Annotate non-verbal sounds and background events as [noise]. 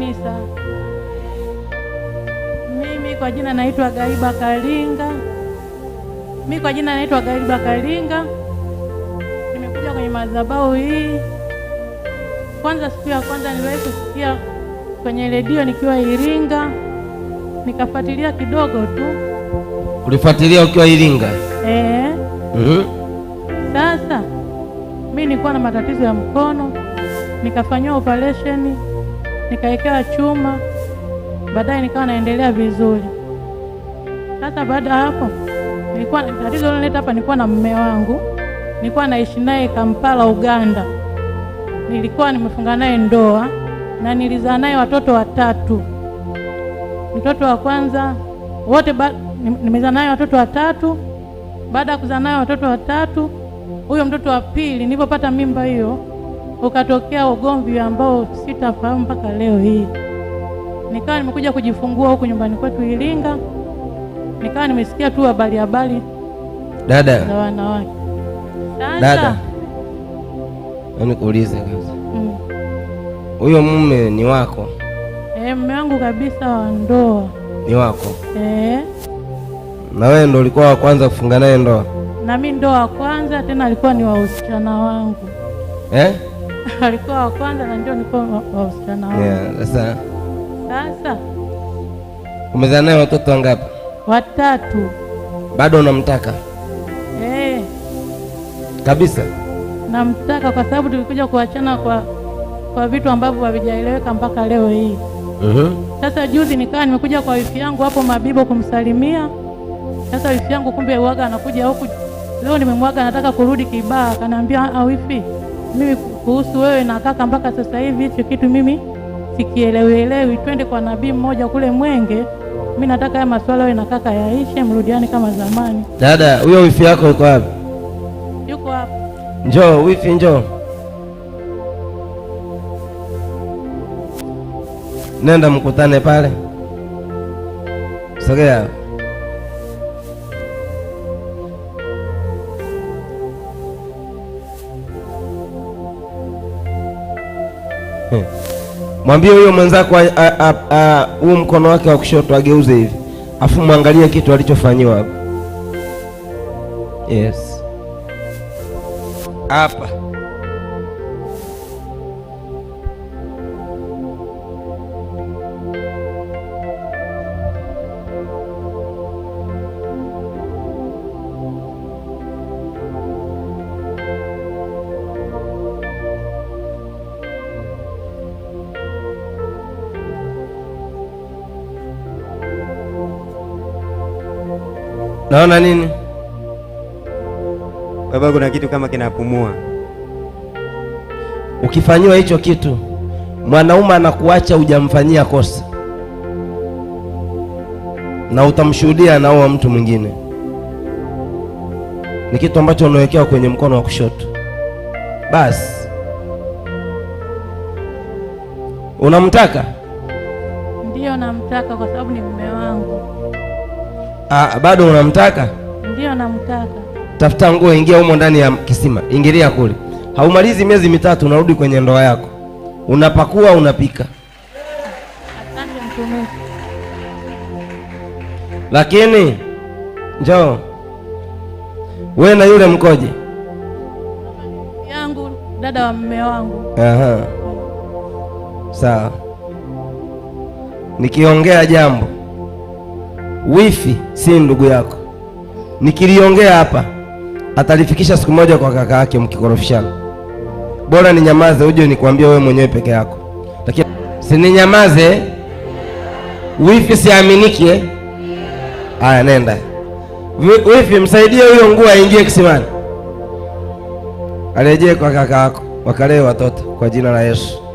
kanisa. Mimi kwa jina naitwa Gaiba Kalinga. Mimi kwa jina naitwa Gaiba Kalinga. Nimekuja kwenye madhabahu hii. Kwanza, siku ya kwanza niliwahi kusikia kwenye redio nikiwa Iringa, nikafuatilia kidogo tu. Ulifuatilia ukiwa Iringa? Eh. Mm -hmm. Sasa mimi nilikuwa na matatizo ya mkono, nikafanyiwa operesheni nikawekewa chuma, baadaye nikawa naendelea vizuri. Sasa baada ya hapo, nilikuwa tatizo lilileta hapa, nilikuwa na mume wangu, nilikuwa naishi naye Kampala, Uganda. Nilikuwa nimefunga naye ndoa na nilizaa naye watoto watatu. Mtoto wa kwanza wote nimezaa naye watoto watatu. Baada ya kuzaa naye watoto watatu, huyo mtoto wa pili nilipopata mimba hiyo ukatokea ugomvi ambao sitafahamu mpaka leo hii. Nikawa nimekuja kujifungua huku nyumbani kwetu Iringa, nikawa nimesikia tu habari habari dada za wanawake. Dada, nikuulize yaani kwanza, mm. huyo mm. mume ni wako? E, mume wangu kabisa wa ndoa ni wako e? na wewe ndo ulikuwa wa kwanza kufunga naye ndoa? Na mimi ndo wa kwanza, tena alikuwa ni wa usichana wangu eh? [laughs] alikuwa wa kwanza na ndio nilikuwa wa usichana wangu. Yeah, sasa sasa umezaa naye watoto wangapi? Watatu. Bado unamtaka? Eh. Kabisa. Namtaka kwa sababu tulikuja kuachana kwa kwa vitu ambavyo havijaeleweka mpaka leo hii. mm Sasa juzi nikawa nimekuja kwa wifi yangu hapo Mabibo kumsalimia. Sasa wifi yangu kumbe uaga anakuja huku. Leo nimemwaga nataka kurudi kibaa akaniambia ah, wifi mimi kuhusu wewe na kaka. Mpaka sasa hivi hicho kitu mimi sikielewelewi. Twende kwa nabii mmoja kule Mwenge. Mimi nataka haya maswala wewe na kaka yaishe, mrudiane kama zamani. Dada, huyo wifi yako yuko wapi? Yuko hapa. Njoo wifi, njoo. Nenda mkutane pale, sogea. Hmm. Mwambie huyo mwenzako huu mkono wake wa kushoto ageuze hivi, afu mwangalie kitu alichofanyiwa hapa. Yes, hapa Naona nini? Baba, kuna kitu kama kinapumua. Ukifanyiwa hicho kitu, mwanaume anakuacha hujamfanyia kosa, na utamshuhudia anaoa mtu mwingine. Ni kitu ambacho unawekewa kwenye mkono wa kushoto, basi unamtaka. Ndiyo, namtaka kwa sababu ni mume wangu. Ah, bado unamtaka? Ndio namtaka. Tafuta nguo, ingia humo ndani ya kisima, ingilia kule. Haumalizi miezi mitatu unarudi kwenye ndoa yako, unapakua, unapika. Lakini njoo wewe na yule mkoje yangu, dada wa mume wangu. Aha, sawa, nikiongea jambo wifi si ndugu yako. Nikiliongea hapa atalifikisha siku moja kwa kaka yake, mkikorofishana. Bora ninyamaze uje nikwambie wewe mwenyewe peke yako, lakini sininyamaze. Wifi siaminike. Eh? Aya, nenda wifi, msaidie huyo nguo aingie kisimani, arejee kwa kaka yako, wakalee watoto kwa jina la Yesu.